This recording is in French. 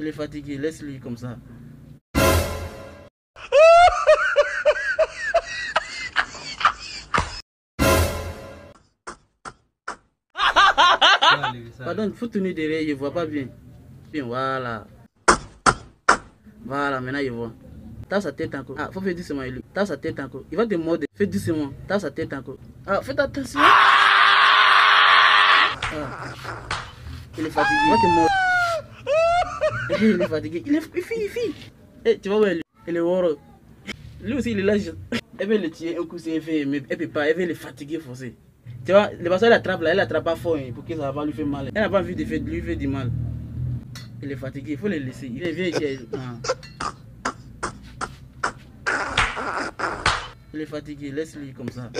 Il est fatigué, laisse-lui comme ça. Pardon, il faut tenir derrière, ne voit pas bien. Bien, voilà. Voilà, maintenant il voit. Tape sa tête encore. Ah, faut faire doucement, il. Tape sa tête encore. Il va te mordre. Fais doucement. Tape sa tête encore. Ah, fais attention. est fatigué. il est fatigué. Il est. Il il fuit. Eh, tu vois, ouais, il est horreur. Lui aussi, il est là. Elle veut le tuer, un coup, c'est fait. Mais elle peut pas. Elle veut le fatiguer, forcé. Tu vois, le personnage elle attrape là. Elle attrape pas fort hein, pour que ça va lui faire mal. Elle n'a pas envie de faire, lui faire du mal. Il est fatigué. Il faut le laisser. Il est vieux Ah. Il est fatigué. Laisse-lui comme ça.